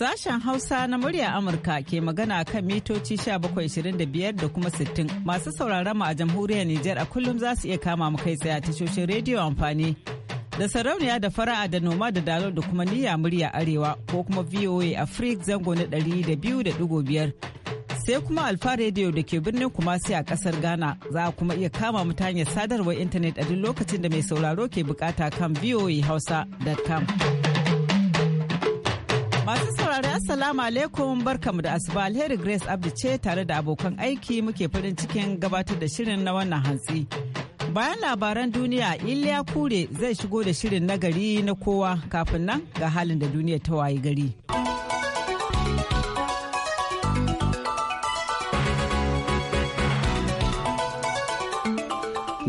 Sashen Hausa na murya Amurka ke magana kan mitoci 1725 da kuma 60 masu sauraron mu a jamhuriyar Nijar a kullum za su iya kama mu kai tsaye a tashoshin rediyo amfani da sarauniya da fara'a da noma da dalo da kuma niyya murya arewa ko kuma VOA Freak zango na 200.5 sai kuma alfa rediyo da ke birnin kumasi a kasar Ghana za a kuma iya kama mu ta hanyar sadarwar intanet a duk lokacin da mai sauraro ke bukata kan voahausa.com. saurari Assalamu alaikum barkamu da asuba alheri Grace Abdi ce tare da abokan aiki muke farin cikin gabatar da shirin na wannan hantsi. Bayan labaran duniya Iliya Kure zai shigo da shirin nagari na kowa kafin nan ga halin da duniya ta wayi gari.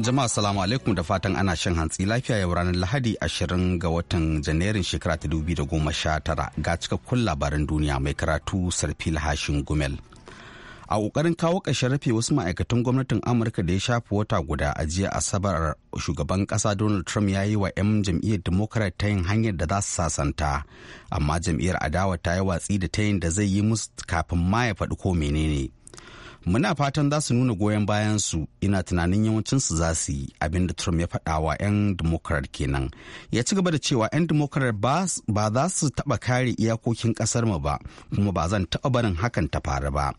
Jama'a salamu alaikum da fatan ana shan hantsi lafiya yau ranar Lahadi 20 ga watan Janairun shekara ta da goma sha tara ga cikakkun labaran duniya mai karatu Sarfil Hashin Gumel. A ƙoƙarin kawo ƙarshen rufe wasu ma'aikatan gwamnatin Amurka da ya shafi wata guda a jiya Asabar shugaban ƙasa Donald Trump ya yi wa 'yan jam'iyyar Democrat ta yin hanyar da za su sasanta, amma jam'iyyar adawa ta yi watsi da ta yin da zai yi musu kafin ma ya faɗi ko menene. muna fatan za su nuna goyon bayan su ina tunanin yawancin su za su yi abin da Trump ya faɗa wa 'yan Democrat kenan ya ci gaba da cewa 'yan Democrat ba za su taɓa kare iyakokin ƙasarmu ba kuma ba zan taɓa barin hakan ta faru ba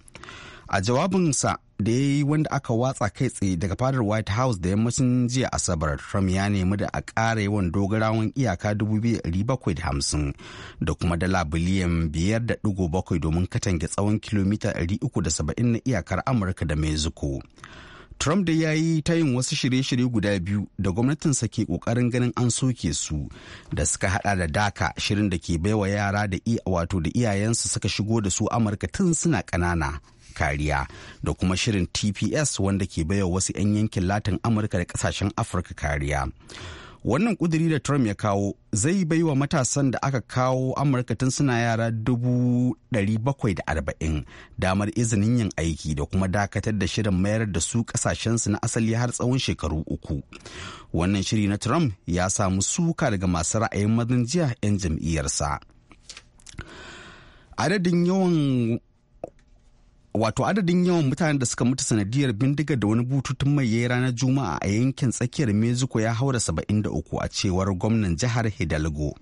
a jawabinsa da ya yi wanda aka watsa kai tsaye daga fadar white house da yammacin jiya asabar trump ya nemi da a ƙara yawan dogarawan iyaka 2,750 da kuma dala biliyan 5.7 domin katange tsawon kilomita 370 na iyakar amurka da mexico Trump da ya yi ta yin wasu shirye-shirye guda biyu da gwamnatinsa ke kokarin ganin an soke su da suka hada da daka shirin da ke baiwa yara da wato da iyayensu suka shigo da su Amurka tun suna ƙanana kariya da kuma shirin tps wanda ke baiwa wasu 'yan yankin latin amurka da kasashen afirka kariya wannan kuduri da trump ya kawo zai bai wa matasan da aka kawo amurka tun suna yara 740 damar izinin yin aiki da kuma dakatar da shirin mayar da su kasashensu na asali har tsawon shekaru uku wannan shiri na trump ya samu suka daga masu ra'ayin mazan jiya 'yan jam'iyyarsa adadin yawan wato adadin yawan mutanen da suka mutu sanadiyar bindigar da wani bututun mai ya yi ranar juma'a a yankin tsakiyar mexico ya haura uku a cewar gwamnan jihar hidalgo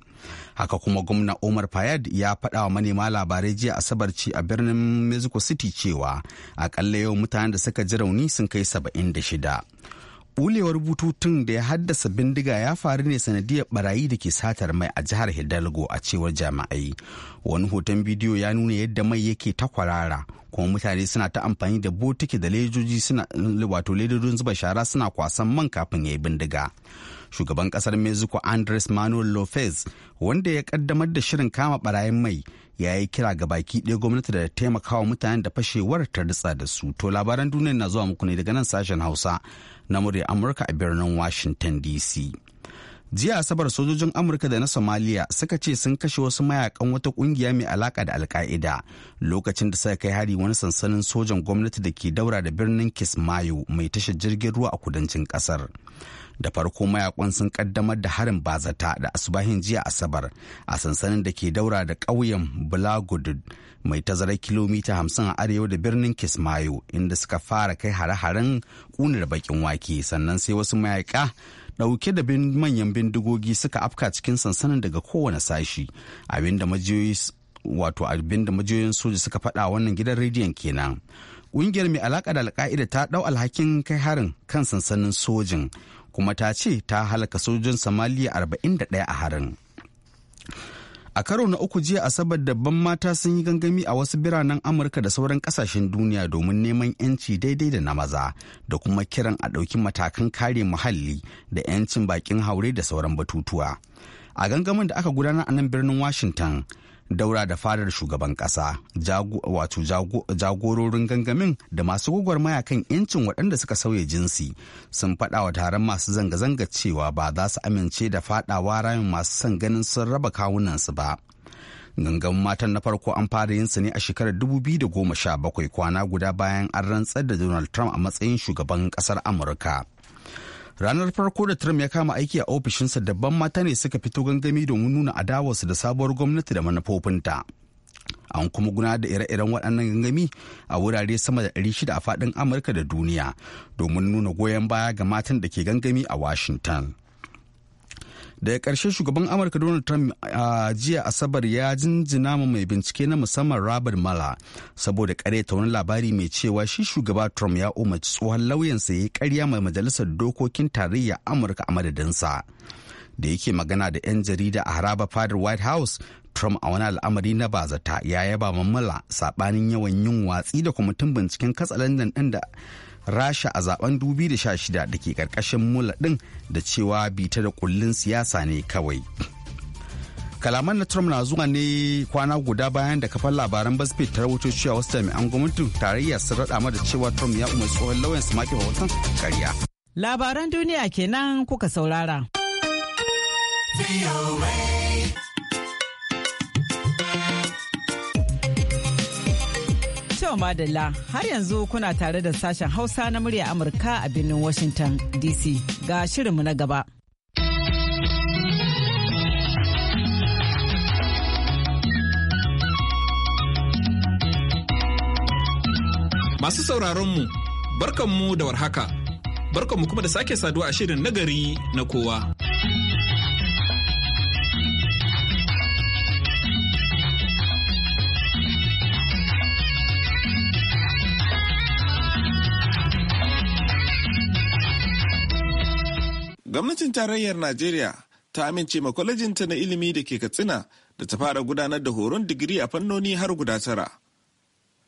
haka kuma gwamna omar fayad ya faɗa wa manema labarai jiya asabar ci a birnin mexico city cewa akalla yawan mutanen da suka ji rauni sun kai saba'in da shida. bulewar bututun da ya haddasa bindiga ya faru ne sanadiyar barayi da ke satar mai a jihar hidalgo a cewar jami'ai wani hoton bidiyo ya nuna yadda mai yake ta kwarara kuma mutane suna ta amfani da botiki da lejoji suna wato ledodin zuba shara suna kwasan man kafin ya yi bindiga shugaban kasar mexico andres manuel lopez wanda ya kaddamar da shirin kama barayin mai ya yi kira ga baki ɗaya gwamnati da taimakawa mutanen da fashewar ta da su to labaran duniya na zuwa muku ne daga nan sashen hausa na murya Amurka a birnin Washington DC. jiya asabar sojojin amurka da na somaliya suka ce sun kashe wasu mayakan wata kungiya mai alaka da alka'ida lokacin da suka kai hari wani sansanin sojan gwamnati da ke daura da birnin kismayo mai tashar jirgin ruwa a kudancin kasar da farko mayakon sun kaddamar da harin bazata da asubahin jiya asabar a sansanin da ke daura da ƙauyen bulagudud mai tazarar kilomita hamsin a arewa da birnin kismayo inda suka fara kai hare-haren kunar bakin wake sannan sai wasu mayaka dauke da manyan bindigogi suka afka cikin sansanin daga kowane sashi abinda majiyoyi wato abinda majiyoyin soja suka faɗa wannan gidan rediyon kenan ƙungiyar mai alaƙa da alka'ida ta ɗau alhakin kai harin kan sansanin sojin kuma ta ce ta halaka sojojin somaliya 41 a harin a karo na uku jiya asabar dabban mata sun yi gangami a wasu biranen amurka da sauran kasashen duniya domin neman yanci daidai da na maza da kuma kiran a ɗauki matakan kare muhalli da 'yancin bakin haure da sauran batutuwa a gangamin da aka gudana a nan birnin washington daura da fadar shugaban kasa wato jagororin gangamin da masu gwagwarmaya kan 'yancin waɗanda suka sauya jinsi sun faɗa wa taron masu zanga-zanga cewa ba za su amince da faɗawa ramin masu son ganin sun raba kawunansu ba gangan matan na farko an fara yinsa ne a shekarar 2017 kwana guda bayan an rantsar da donald trump a matsayin shugaban ƙasar amurka ranar farko da trump ya kama aiki a ofishinsa dabban mata ne suka fito gangami domin nuna adawarsu da sabuwar gwamnati da manufofinta an kuma guna da ire-iren waɗannan gangami a wurare sama da 600 a faɗin amurka da duniya domin nuna goyon baya ga matan da ke gangami a washington daga ƙarshe shugaban amurka donald trump a jiya asabar ya jinjina ma mai bincike na musamman robert mala saboda ta wani labari mai cewa shi shugaba trump ya umarci tsohon lauyansa ya yi karya mai majalisar dokokin tarayya amurka a madadinsa da yake magana da 'yan jarida a haraba fadar white house Trump a wani al'amari na bazata ya yaba mala saɓanin yawan yin watsi da kwamitin binciken katsalandan ɗin da rasha a zaben 2016 da ke karkashin mula din da cewa bita da kullun siyasa ne kawai kalaman na trump na zuwa ne kwana guda bayan da kafar labaran buzzfeed ta rahoto cewa wasu jami'an gwamnatin tarayya sun rada mada cewa trump ya umarci tsohon lauyan su maki rahoton karya labaran duniya kenan kuka saurara. da Madalla har yanzu kuna tare da sashen Hausa na murya Amurka a birnin Washington DC ga shirinmu na gaba. Masu sauraronmu, barkanmu da warhaka, barkanmu kuma da sake saduwa a shirin nagari na kowa. Gwamnatin tarayyar Najeriya ta amince ma kwalejinta na ilimi da ke Katsina da ta fara gudanar da horon digiri a fannoni har guda tara.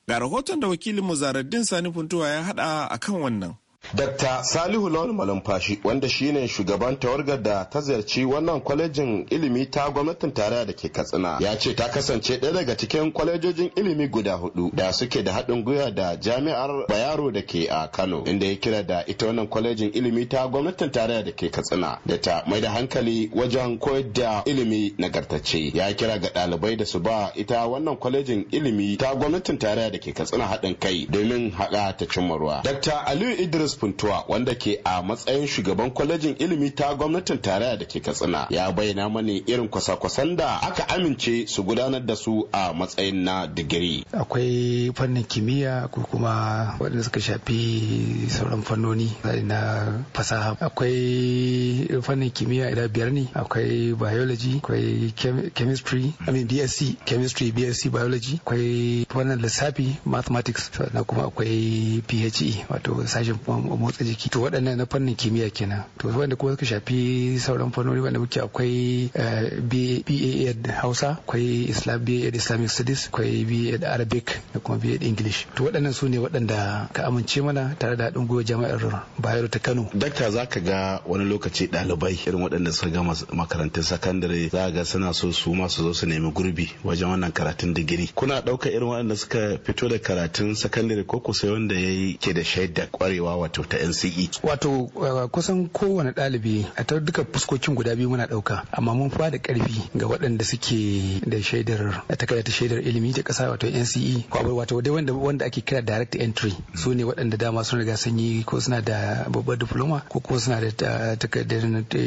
Ga rahoton da wakilin Zaraddin Sani Funtuwa ya haɗa a kan wannan. Dr. Salihu Lawal Malumfashi wanda shine shugaban tawargar da ta ziyarci wannan kwalejin ilimi ta gwamnatin tarayya da ke Katsina ya ce ta kasance ɗaya daga cikin kwalejojin ilimi guda hudu da suke da haɗin gwiwa da jami'ar Bayero da ke a Kano inda ya kira da ita wannan kwalejin ilimi ta gwamnatin tarayya da ke Katsina da ta mai da hankali wajen koyar da ilimi nagartacce ya kira ga ɗalibai da su ba ita wannan kwalejin ilimi ta gwamnatin tarayya da ke Katsina haɗin kai domin haɗa ta cimma ruwa. Dr. Aliyu Idris Francis Puntua wanda ke a matsayin shugaban kwalejin ilimi ta gwamnatin tarayya da ke Katsina ya bayyana mani irin kwasa-kwasan da aka amince su gudanar da su a matsayin na digiri. Akwai fannin kimiyya ko kuma waɗanda suka shafi sauran fannoni na fasaha. Akwai fannin kimiyya idan biyar ne akwai biology akwai chemistry I mean BSc chemistry BSc biology akwai fannin lissafi mathematics na kuma akwai PHE wato sashen motsa jiki to waɗannan na fannin kimiyya kenan to wanda kuma suka shafi sauran fannoni wanda muke akwai eh, BA Hausa akwai Islam BA Islamic Studies akwai BA Arabic da kuma BA English to waɗannan su ne waɗanda ka amince mana tare da haɗin gwiwa jami'ar Bayero ta Kano dakta zaka ga wani lokaci ɗalibai irin waɗanda suka gama makarantun sakandare za ga suna so su ma su zo su nemi gurbi wajen wannan karatun digiri kuna ɗaukar irin waɗanda suka fito da karatun sakandare ko kusa wanda ya ke da shaidar kwarewa wato ta NCE. Wato uh, kusan kowane ɗalibi a ta duka fuskokin guda biyu muna ɗauka amma mun fada ƙarfi ga waɗanda suke da shaidar takarda ta shaidar ilimi ta ƙasa wato NCE wato dai wanda ake kira direct entry su ne waɗanda dama sun riga sun yi ko suna da babbar diploma ko ko suna da takardar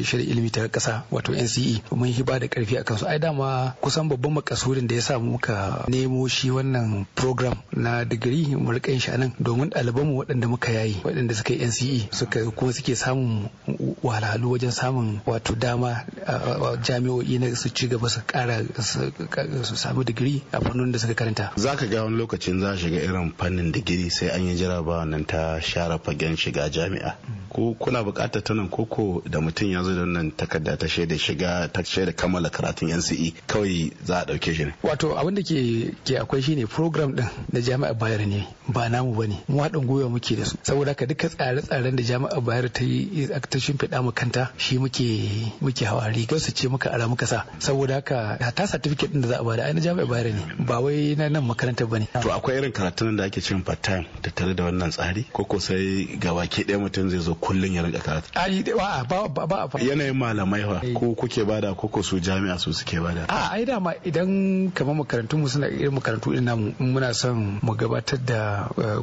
shaidar ilimi ta ƙasa wato NCE mun hi ba da ƙarfi a kansu ai dama kusan babban makasurin da ya sa muka nemo shi wannan program na digiri mu riƙa shi anan domin ɗalibanmu waɗanda muka yayi waɗanda suka yi NCE suka kuma suke samun wahalhalu wajen samun wato dama jami'o'i na su ci gaba su kara su samu digiri a fannin da suka karanta za ka ga wani lokacin za shiga irin fannin digiri sai an yi jaraba nan ta share fagen shiga jami'a ko kuna buƙatar ta nan koko da mutum ya zo da nan takarda ta shaida shiga ta shaida kammala karatun NCE kawai za a ɗauke shi ne wato abin da ke ke akwai shine program din na jami'a bayar ne ba namu bane mu haɗin gwiwa muke da su saboda haka duka ta tsare-tsaren da jami'ar bayar ta yi ta shimfiɗa mu kanta shi muke muke hawa rigar su ce muka ara muka sa saboda haka ta certificate din da za a bada ainihin jami'ar bayar ne ba wai na nan makarantar bane to akwai irin karatun da ake cin part time tattare da wannan tsari ko ko sai gabaki ɗaya mutum zai zo kullun ya rinka karatu ai ba ba ba yanayin malamai fa eh. ko kuke bada ko ko su jami'a su suke bada a ai dama idan kamar makarantun mu suna irin makarantu din namu muna son mu gabatar da eh,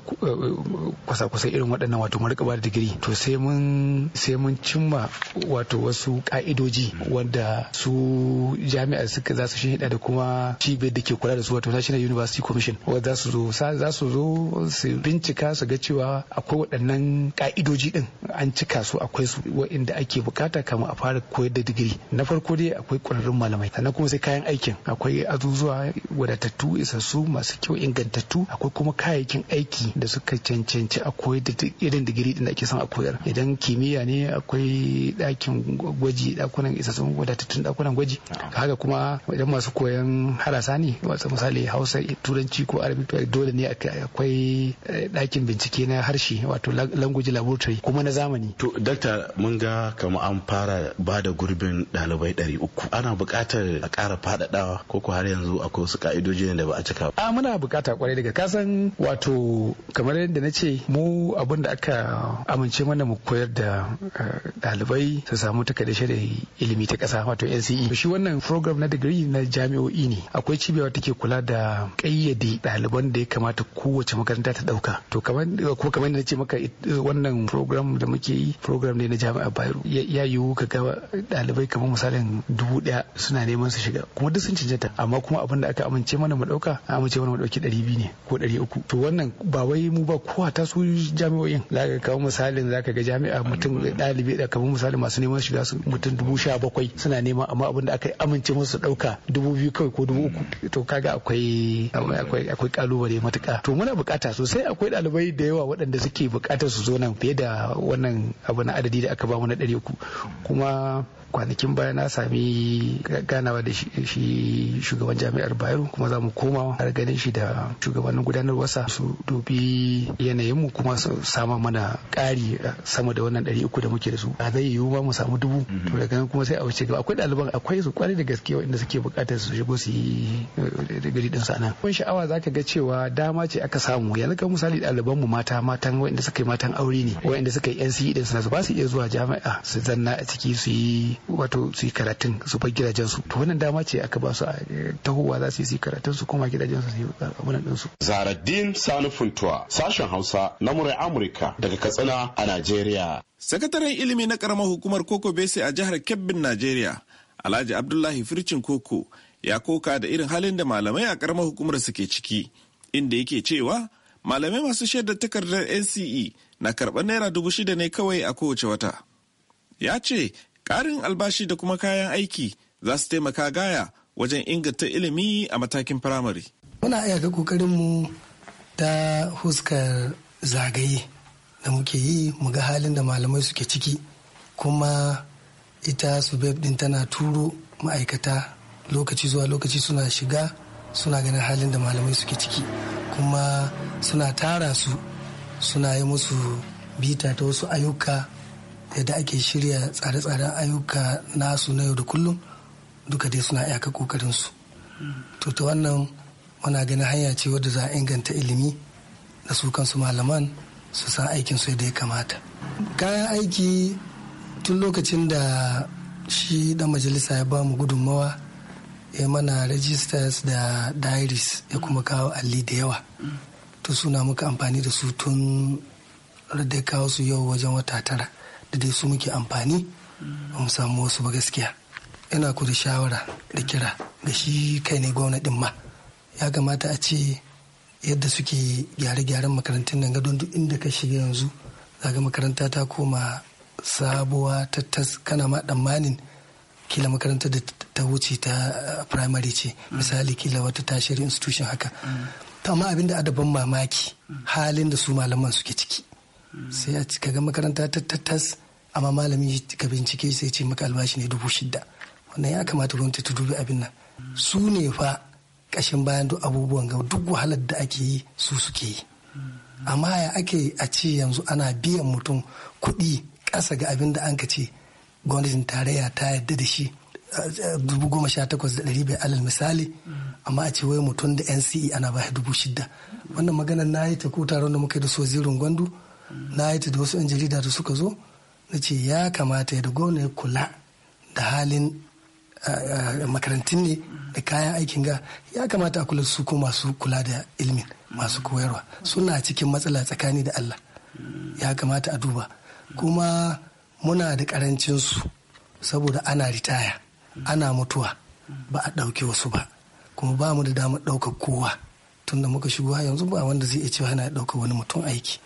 kwasa eh, kwasa irin waɗannan wato mu rika ba da digiri to sai mun sai mun cimma wato wasu ka'idoji wanda su jami'ar suka za su shi da kuma cibiyar da ke kula da su wato National University Commission wanda za su zo za su zo su bincika su ga cewa akwai waɗannan ka'idoji din an cika su akwai su waɗanda ake bukata kama a fara koyar da digiri na farko dai akwai ƙwararrun malamai sannan kuma sai kayan aikin akwai azuzuwa wadatattu isassu masu kyau ingantattu akwai kuma kayayyakin aiki da suka cancanci a koyar da irin digiri din da ake son a koyar idan kimiyya ne akwai ɗakin gwaji ɗakunan isassun wadatattun ɗakunan gwaji haka kuma idan masu koyan harasa ne wasu misali hausa turanci ko arabic dole ne akwai dakin eh, bincike na harshe wato language laboratory kuma na zamani to dakta mun ga kamar an fara ba da gurbin ɗalibai ɗari uku ana buƙatar a ƙara faɗaɗawa ko ko har yanzu akwai wasu ƙa'idoji da ba a cika a muna buƙata kwarai daga kasan wato kamar yadda na ce mu abin da aka amince mana mu koyar da eh, ɗalibai su samu takardar da ilimi ta kasa wato NCE. Shi wannan program na digiri na jami'o'i ne. Akwai cibiyawa take kula da ƙayyade ɗaliban da ya kamata kowace makaranta ta ɗauka. To kamar ko kamar yadda ce maka wannan program da muke yi program ne na jami'a Bayero. Ya yiwu ka ga ɗalibai kamar misalin dubu ɗaya suna neman su shiga kuma duk sun cancanta amma kuma abin da aka amince mana mu ɗauka amince mana mu ɗauki ɗari biyu ne ko ɗari uku. To wannan ba wai mu ba kowa ta su jami'o'in za kawo misalin zaka ga jami'a mutum ɗalibi da kamar misali masu neman shiga su mutum dubu sha bakwai suna nema amma abun da aka yi amince musu ɗauka dubu biyu kawai ko dubu uku to kaga akwai akwai kalubale matuƙa to muna bukata sosai akwai ɗalibai da yawa waɗanda suke bukatar su zo nan fiye da wannan abu na adadi da aka ba mu na ɗari uku kuma kwanakin baya na sami ganawa da shi shugaban jami'ar bayero kuma za mu koma har ganin shi da shugabannin wasa. su dubi yanayinmu kuma su sama mana ƙari sama da wannan ɗari uku da muke da su a zai yiwu ba mu samu dubu mhm. to daga nan kuma sai a wuce gaba akwai ɗaliban akwai su da gaske waɗanda suke buƙatar su shigo su yi eh, digiri ɗin sa nan kun sha'awa zaka ga cewa dama ce aka samu yanzu kan misali ɗalibanmu mu mata matan waɗanda suka yi matan aure ne waɗanda suka yi NCE ɗin su ba su iya zuwa jami'a su zanna a ciki su yi wato su yi karatun su bar gidajen su to wannan dama ce aka ba su a eh, tahowa za su yi karatun su koma gidajen su yi eh, abunan din su Zaraddin Sani Funtuwa sashen Hausa na murai Amurka daga Katsina a Najeriya Sakataren ilimi na karamar hukumar Koko Bese a jihar Kebbin Najeriya Alhaji Abdullahi Fircin Koko ya koka da irin halin da malamai a karamar hukumar suke ciki inda yake cewa malamai masu shaidar takardar NCE na karɓar naira dubu shida ne kawai a kowace wata. Ya ce ƙarin albashi da kuma kayan aiki za su taimaka gaya wajen inganta ilimi a matakin firamare. muna iya ga ƙoƙarinmu ta huskar zagaye da muke yi mu ga halin da malamai suke ciki kuma ita subeb din tana turo ma'aikata lokaci zuwa lokaci suna shiga suna ganin halin da malamai suke ciki kuma suna tara su suna yi musu bita ta wasu ayyuka yadda ake shirya tsare-tsaren ayyuka nasu na yau da kullum duka dai suna iyaka kokarinsu to ta wannan muna ganin hanya ce wadda za a inganta ilimi da su kansu malaman su san aikin su yadda ya kamata kayan aiki tun lokacin da shi dan majalisa ya ba mu gudunmawa ya mana registers da diaries ya kuma kawo alli da yawa to suna muka amfani da su tun da kawo su yau wajen wata tara da dai su muke amfani ba mu samu wasu ba gaskiya ina ku da shawara da kira ga shi kai ne din ma ya kamata a ce yadda suke gyare-gyaren makarantun nan gadon duk inda ka shiga yanzu zaga makaranta ta koma sabuwa ta kana ma tsammanin kila makaranta da ta wuce ta uh, primary ce mm. misali kila wata tashirin institution haka mm. Ta ma abinda da adaban mamaki mm. halin da su malaman suke ciki sai a ga makaranta ta tattas amma malami ka bincike sai ce maka albashi ne dubu shidda wannan ya kamata gwamnati ta dubi abin nan su ne fa kashin bayan duk abubuwan ga duk wahalar da ake yi su suke yi amma ya ake a ce yanzu ana biyan mutum kuɗi ƙasa ga abin da an ka ce gwamnatin tarayya ta yarda da shi eh, dubu goma sha takwas da ɗari bai alal misali amma a ce wai mutum da nce ana ba dubu shida wannan maganar na yi ta ko taron da muka yi da so zirin gwandu na yi da wasu 'yan jarida da suka zo na ce ya kamata ya da ne kula da halin makarantun ne da kayan aikin ga ya kamata a kula su ko masu kula da ilimin masu koyarwa suna cikin matsala tsakani da Allah ya kamata a duba kuma muna da karancin su saboda ana ritaya ana mutuwa ba a ɗauki wasu ba kuma ba mu da damar ɗaukar kowa tunda muka shigo yanzu ba wanda zai iya cewa yana ɗaukar wani mutum aiki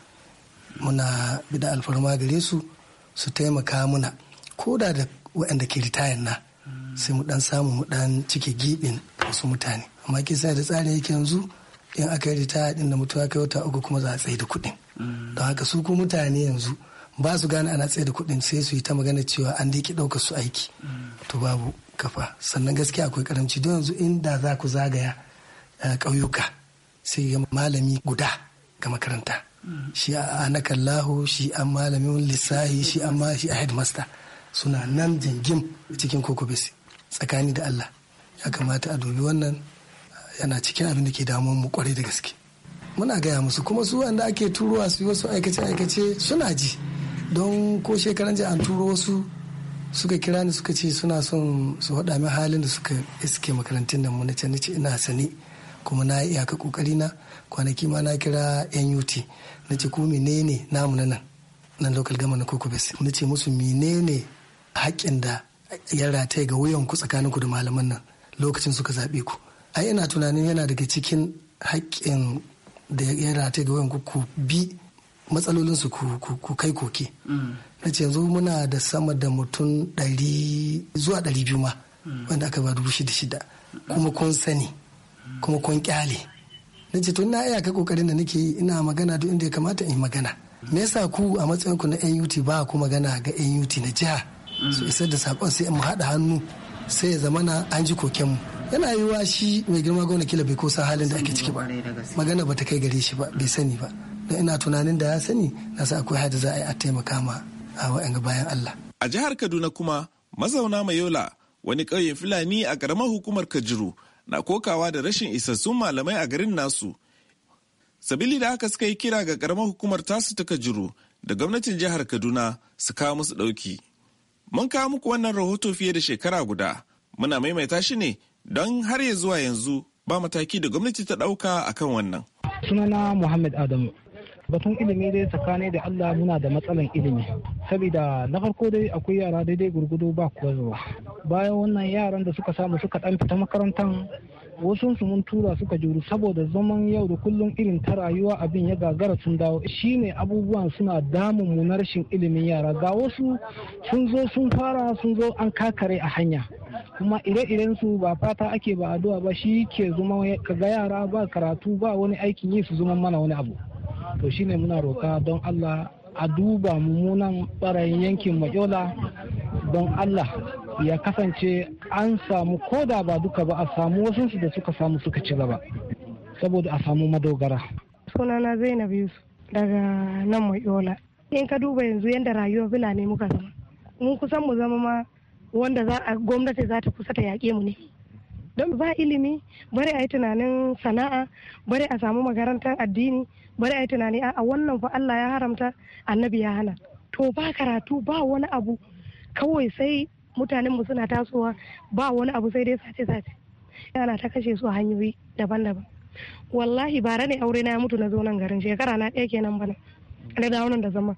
muna bida alfarma gare su su taimaka muna ko da da waɗanda ke ritayan na sai mu dan samu mu dan cike gibin wasu mutane amma kisa da tsari yake yanzu in aka yi ritaya din da mutuwa kai wata uku kuma za a tsaye da kuɗin don haka su ku mutane yanzu ba su gane ana tsaye da kuɗin sai su yi ta magana cewa an da ki ɗaukar su aiki to babu kafa sannan gaskiya akwai karamci don yanzu inda za ku zagaya eh, ƙauyuka sai malami guda ga makaranta shi a anakallahu shi an malamin lissahi shi an ma shi a headmaster suna nan jingim cikin koko bisi tsakani da Allah ya kamata a dubi wannan yana cikin abin da ke damun mu kwarai da gaske muna gaya musu kuma su wanda ake turowa su yi wasu aikace-aikace suna ji don ko shekaran jiya an turo wasu suka kira ni suka ce suna son su haɗa min halin da suka iske makarantun nan na ce ina sani kuma na yi iyaka kokari na kwanaki ma na kira NUT na ce ko menene namu na nan nan local gama na kokobes na ce musu menene haƙƙin da ya rataye ga wuyan ku tsakanin ku da malaman nan lokacin suka zaɓe ku a ina tunanin yana daga cikin haƙƙin da ya rataye ga wuyan ku bi matsalolin su ku kai koke mm. na ce yanzu muna da sama da mutum ɗari zuwa ɗari biyu ma mm. wanda aka ba dubu shida shida kuma kun sani mm. kuma kun kyale na ce tun na iyaka kokarin da nake yi ina magana duk inda ya kamata in magana me yasa ku a matsayin ku na NUT ba ku magana ga NUT na jiha su isar da sakon sai mu haɗa hannu sai ya zamana an ji koken mu yana yiwuwa shi mai girma gwamna kila bai kosa halin da ake ciki ba magana ba ta kai gare shi ba bai sani ba don ina tunanin da ya sani na sa akwai hada za a yi a taimaka ma a wa'anga bayan Allah. A jihar Kaduna kuma mazauna Mayola wani ƙauyen Fulani a ƙaramar hukumar kajuru. na kokawa da rashin isassun malamai a garin nasu sabili da haka suka yi kira ga karamar hukumar tasu ta kajuru da gwamnatin jihar kaduna su kawo musu ɗauki mun kawo muku wannan rahoto fiye da shekara guda muna maimaita shi ne don har ya zuwa yanzu ba mataki da gwamnati ta ɗauka akan wannan sunana muhammad adamu batun ilimi dai tsakani da Allah muna da matsalan ilimi saboda na farko dai akwai yara daidai gurgudu ba kuwa zuwa. bayan wannan yaran da suka samu suka dan fita makarantan wasu su mun tura suka juru saboda zaman yau da kullum irin ta rayuwa abin ya gagara sun dawo shine abubuwan suna damun mu na rashin ilimin yara ga wasu sun zo sun fara sun zo an kakare a hanya kuma ire-iren su ba fata ake ba addu'a ba shi ke zama ga yara ba karatu ba wani aikin yi su zama mana wani abu to shine muna roka don allah a duba mummunan barayin yankin majola don allah ya kasance an samu koda ba duka ba a samu wasansu da suka samu suka ci gaba saboda a samu madogara sunana zainab yusuf daga nan majola in ka duba yanzu yadda rayuwar fulani muka zama mun kusan mu zama ma wanda gwamnati za ta kusa ta yaƙe mu ne don ba ilimi bari a yi tunanin sana'a bari a samu makarantar addini bari a yi tunani a wannan fa Allah ya haramta annabi ya hana to ba karatu ba wani abu kawai sai mutanen mu suna tasowa ba wani abu sai dai sace sace yana ta kashe su a hanyoyi daban-daban wallahi bara ne aure na ya mutu na zo nan garin shekara na ɗaya kenan bana na dawo nan da zama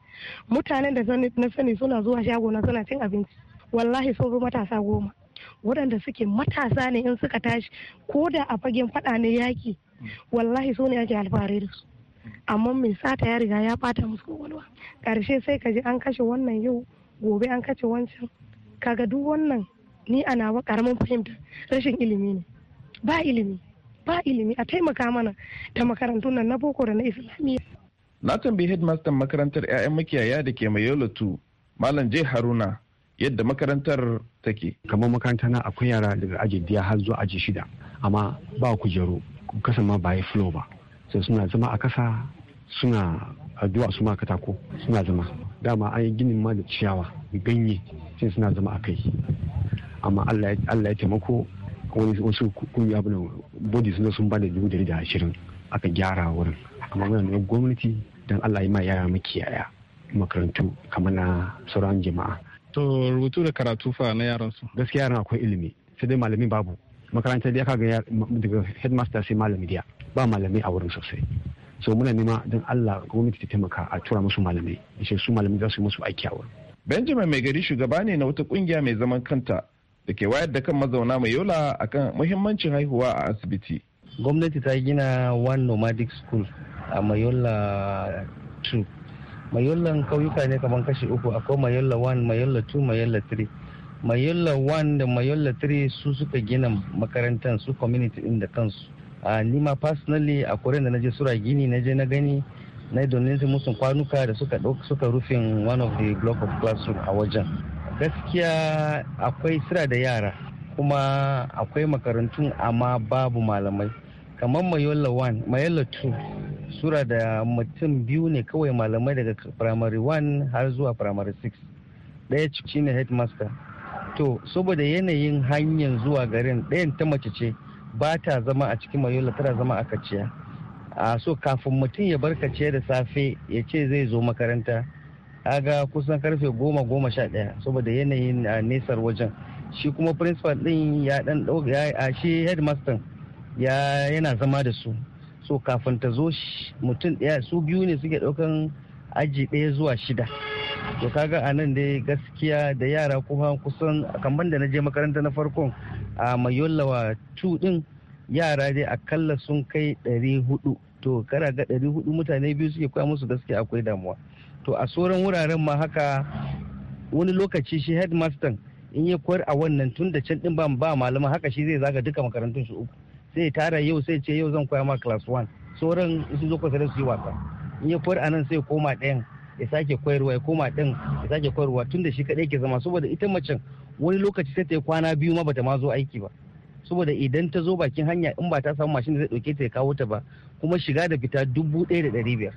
mutanen da na sani suna zuwa shago na suna cin abinci wallahi sun fi matasa goma waɗanda suke matasa ne in suka tashi ko da a fagen faɗa ne yaki wallahi su ne ake alfahari da su amma mai sata ya riga ya bata musu kwakwalwa ƙarshe sai ka je an kashe wannan yau gobe an kashe wancan kaga duk wannan ni a nawa karamin fahimta rashin ilimi ne ba ilimi ba ilimi a taimaka mana da makarantun nan na boko da na islamiyya na tambayi headmaster makarantar 'ya'yan makiyaya da ke mai 2 malam jai haruna yadda makarantar take kamar makaranta na akwai yara daga aji biyar har zuwa aji shida amma ba kujeru kasan ma ba yi fulo ba sai suna zama a kasa suna addu'a su ma katako suna zama dama an yi ginin ma da ciyawa ganye sai suna zama a kai amma allah ya taimako wani wasu kungiya abu bodi sun sun bada dubu dari da ashirin aka gyara wurin amma muna neman gwamnati don allah ya ma yara makiyaya makarantu kamar na sauran jama'a wato rubutu da karatu fa na yaran su gaskiya yaran akwai ilimi sai dai malami babu makarantar da ya kaga daga headmaster sai malami diya ba malami a wurin sosai so muna nema don Allah gwamnati ta taimaka a tura musu malamai yace su malamai za su yi musu aiki a wurin Benjamin mai gari shugaba ne na wata kungiya mai zaman kanta da ke wayar da kan mazauna mai yola akan muhimmancin haihuwa a asibiti gwamnati ta gina one nomadic school a mayola mayullan kauyuka ne kamar kashi uku akwai mayulla 1 mayulla 2 mayulla 3 mayulla 1 da mayulla 3 su suka gina makarantar su community din da kansu a nima personally a koren da naje sura gini naje na gani na donate musu kwanuka da suka dauka suka rufin one of the block of classroom a wajen gaskiya akwai sira da yara kuma akwai makarantun amma babu malamai kamar mayola 1 mayola 2 sura da mutum biyu ne kawai malamai daga primary 1 har zuwa primary 6 daya shi ne headmaster to saboda yanayin hanyar zuwa garin ɗayan ta mace ce ba ta zama a cikin mayola tana zama a kaciya a so kafin mutum ya bar kaciya da safe ya ce zai zo makaranta aga kusan karfe goma goma sha ɗaya saboda yanayin nesar wajen shi kuma principal ɗin ya ɗan ɗauka shi headmaster ya yana zama da su so kafin ta zo mutum ɗaya su biyu ne suke ɗaukan aji ɗaya zuwa shida to kaga a nan dai gaskiya da yara kuma kusan kamar da na je makaranta na farkon a mayollawa tu ɗin yara dai akalla sun kai ɗari hudu to kara ga ɗari hudu mutane biyu suke koya musu gaskiya akwai damuwa to a sauran wuraren ma haka wani lokaci shi headmaster in ya koyar a wannan tun da can ɗin ba malama haka shi zai zaga duka makarantun su uku sai tara yau sai ce yau zan koya ma class 1 sauran sun zo kwasa su yi wasa in ya koyar anan sai koma ɗayan ya sake koyarwa ya koma ɗin ya sake koyarwa tun da shi kaɗai ke zama saboda ita macen wani lokaci sai ta yi kwana biyu ma bata ma zo aiki ba saboda idan ta zo bakin hanya in ba ta samu mashin da zai ɗauke ta ya kawo ta ba kuma shiga da fita dubu ɗaya da ɗari biyar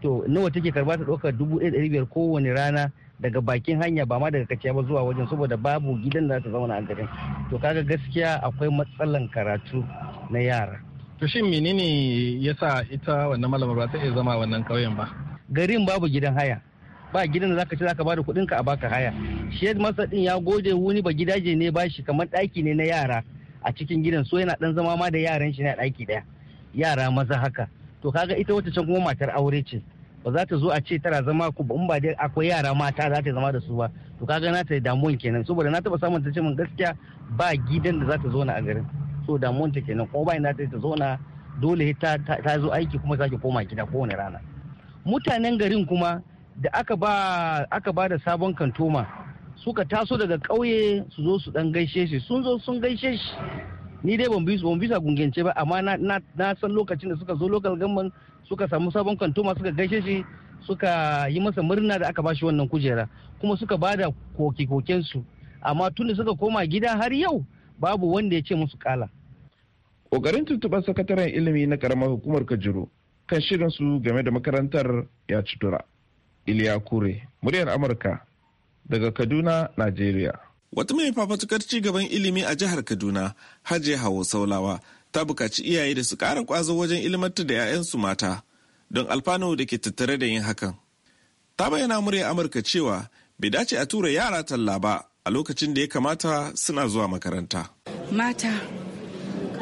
to nawa take karba ta ɗaukar dubu ɗaya da ɗari biyar kowane rana daga bakin hanya ba ma daga kaciya ba zuwa wajen saboda babu gidan da za ta zauna a garin to kaga gaskiya akwai matsalan karatu na yara to shin menene yasa ita wannan malamar ba ta iya zama wannan kauyen ba garin babu gidan haya ba gidan da zaka ci zaka bada kuɗin ka a baka haya shi masa din ya gode wuni ba gidaje ne ba shi kamar ɗaki ne na yara a cikin gidan so yana dan zama ma da yaran shi ne a ɗaki ɗaya yara maza haka to kaga ita wata can kuma matar aure ce ba za ta zo a ce tana zama ku in ba dai akwai yara mata za ta zama da su ba to kaga na ta damuwan kenan saboda na taba samun ta ce min gaskiya ba gidan da za ta zauna a garin so damuwan ta kenan kuma ba ina ta ta zauna dole ta ta zo aiki kuma ki koma gida kowane rana mutanen garin kuma da aka ba aka ba da sabon kantoma suka taso daga ƙauye su zo su dan gaishe shi sun zo sun gaishe shi ni dai ban bisa ban bisa gungance ba amma na san lokacin da suka zo local government suka samu sabon kantoma suka gaishe shi suka yi masa murna da aka bashi wannan kujera kuma suka bada koke-koken su amma tun da suka koma gida har yau babu wanda ya ce musu kala kokarin tuntuɓar sakataren ilimi na karamar hukumar kajuru kan shirin su game da makarantar ya ci tura iliya kure muryar amurka daga kaduna najeriya Wata mai fafatukar cigaban ilimi a jihar Kaduna, Hajiya Hawo Saulawa, ta bukaci iyaye da su kara ƙwazo wajen ilmantar da 'ya'yansu mata don alfano da ke tattare da yin hakan. Ta bayyana murya Amurka cewa bai dace a tura yara talla ba a lokacin da ya kamata suna zuwa makaranta. Mata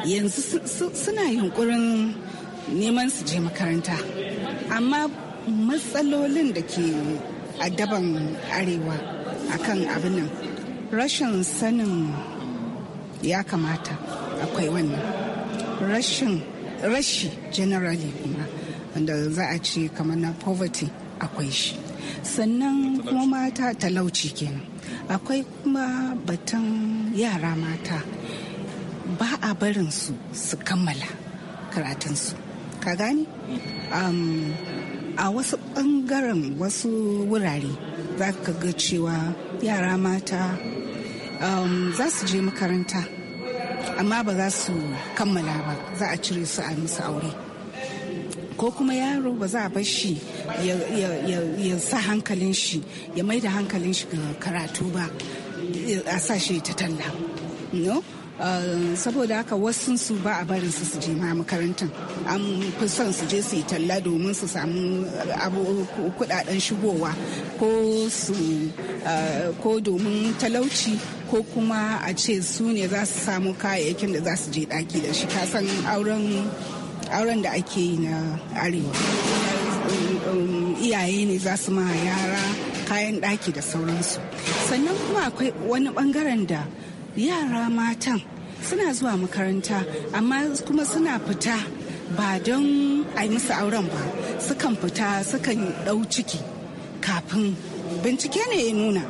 yanzu suna yunkurin neman su je makaranta, amma matsalolin da ke a daban arewa akan abin nan rashin sanin ya kamata akwai wannan rashin rashi generally kuma wanda za a ce kamar na poverty akwai shi sannan kuma mata talauci kenan akwai kuma batun yara mata ba a barin su su kammala karatunsu ka gani um, a wasu bangaren wasu wurare za ka ga cewa yara mata Um, za su je makaranta amma ba za su kammala ba za a cire su a musu aure ko kuma yaro ba za a bar shi ya sa hankalin shi ya maida hankalin shi ga karatu ba a sa shi ta talla Eh, saboda haka wasu su ba a barin su su je ma makarantar an fi son su je su yi talla domin su samu eh, kudaden shigowa ko su eh, ko domin talauci ko kuma a ce su ne za su samu kayayyakin da za su je daki da shi kasan auren auren da ake yi na arewa iyaye ne za su ma yara kayan daki da sauransu sannan kuma akwai wani bangaren da yara matan suna zuwa makaranta amma kuma suna fita ba don a yi musu auren ba sukan fita sukan ɗau ciki kafin bincike ne ya nuna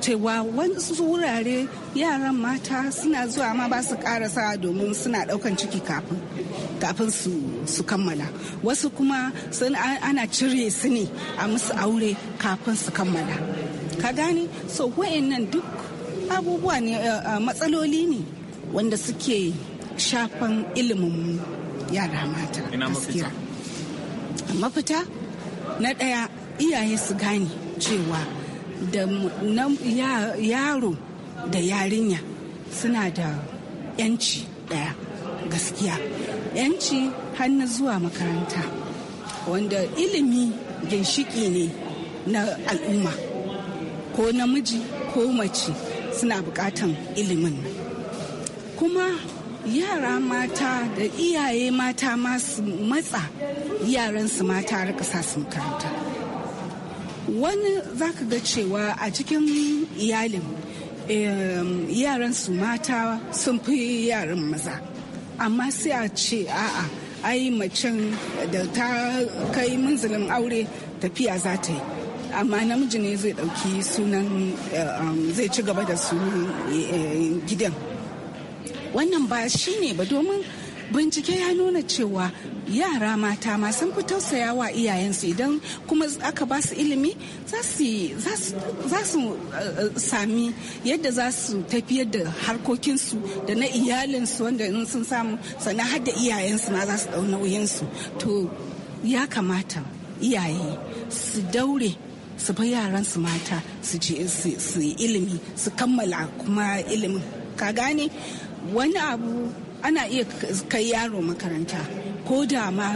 cewa wasu wurare yaran mata suna zuwa ma ba su karasa domin suna ɗaukan ciki kafin kafin su kammala wasu kuma ana cire su ne a musu aure kafin su kammala ka gani so nan duk abubuwa ne eh, eh, matsaloli ne wanda suke shafan ilimin yara mata gaskiya mafita na ɗaya iyaye su gane cewa da yaro da yarinya suna da yanci ɗaya gaskiya yanci hannu zuwa makaranta wanda ilimi ginshiki ne na al'umma ko namiji ko mace suna bukatan ilimin kuma yara mata da iyaye mata masu matsa yaransu mata rika sa su makaranta wani za ka ga cewa a cikin iyalin yaransu mata sun fi yaran maza amma sai a ce a'a ai mace da ta kai munzulin aure tafiya za ta yi amma namiji ne zai ɗauki sunan eh, um, zai ci gaba da sunan eh, gidan wannan ba shi ne ba domin bincike ya nuna cewa yara mata ma sun fi tausaya wa iyayensu idan kuma aka ba su ilimi za su eh, sami yadda za su tafiyar da harkokinsu da na iyalinsu wanda in sun samu sannan har da iyayensu ma za su nauyinsu to ya kamata iyaye su daure su bar yaran su mata su je su yi ilimi su kammala kuma ilimin ka gane wani abu ana iya kai yaro makaranta ko da ma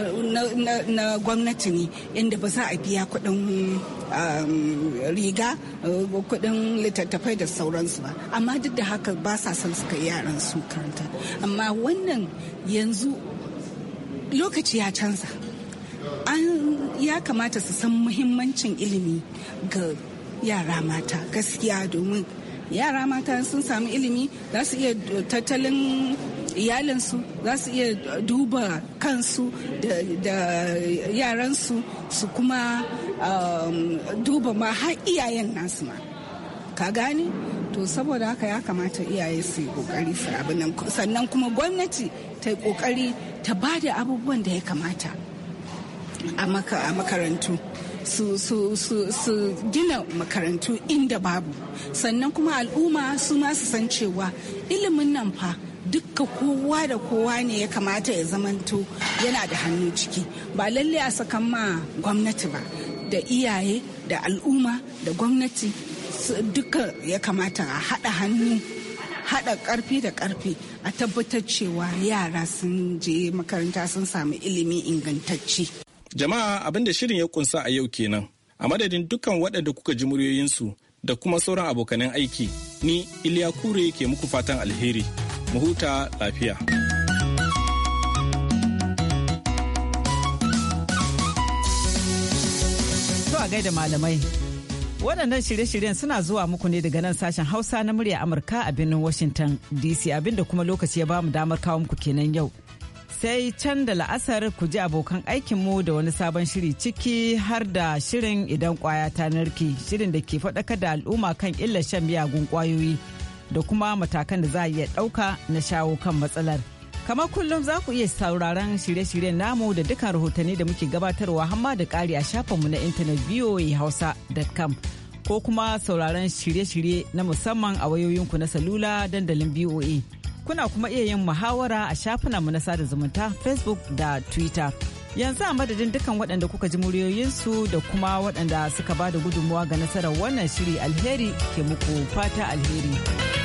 na, gwamnati ne inda ba za a biya kuɗin um, riga uh, kuɗin littattafai da sauransu ba amma duk da haka ba sa son su kai yaran su karanta amma wannan yanzu lokaci ya canza an ya kamata su san muhimmancin ilimi ga yara mata gaskiya domin yara mata sun samu ilimi za su iya tattalin iyalinsu za su iya duba kansu da yaransu su kuma um, duba ma har iyayen nasu ma ka gani to saboda haka ya kamata iyaye su yi kokari su abin sannan kuma gwamnati ta yi kokari ta ba da abubuwan da ya kamata a makarantu su, gina makarantu inda babu sannan kuma al'umma su ma su san cewa ilimin nan fa dukka kowa da kowa ne ya kamata ya zamanto yana da hannu ciki ba lalle a sakan ma gwamnati ba da iyaye da al'umma da gwamnati duka ya kamata a haɗa hannu haɗa ƙarfi da ƙarfi a tabbatar cewa yara sun je makaranta sun samu ilimi ingantacce Jama'a abin da shirin ya kunsa a yau kenan. A madadin dukkan waɗanda kuka ji muryoyinsu da kuma sauran abokanan aiki, ni Iliya Kure ke muku fatan alheri. Mu huta lafiya. Zuwa gaida malamai. Waɗannan shirye-shiryen suna zuwa muku ne daga nan sashen Hausa na murya Amurka a birnin Washington DC abinda kuma lokaci ya bamu damar kawo muku kenan yau. sai can da la'asar ku ji abokan aikinmu da wani sabon shiri ciki har da shirin idan kwaya ta narke shirin da ke faɗaka da al'umma kan illar shan miyagun kwayoyi da kuma matakan da za a iya ɗauka na shawo kan matsalar. kamar kullum za ku iya sauraron shirye-shiryen namu da dukkan rahotanni da muke gabatarwa hamma da ƙari a shafinmu na intanet voahausa.com ko kuma sauraron shirye-shirye na musamman a wayoyinku na salula dandalin voa Kuna kuma iya yin muhawara a mu na sada zumunta Facebook da Twitter. Yanzu a madadin dukan waɗanda kuka ji muryoyinsu da kuma waɗanda suka ba da gudunmawa ga nasarar wannan shiri alheri ke muku fata alheri.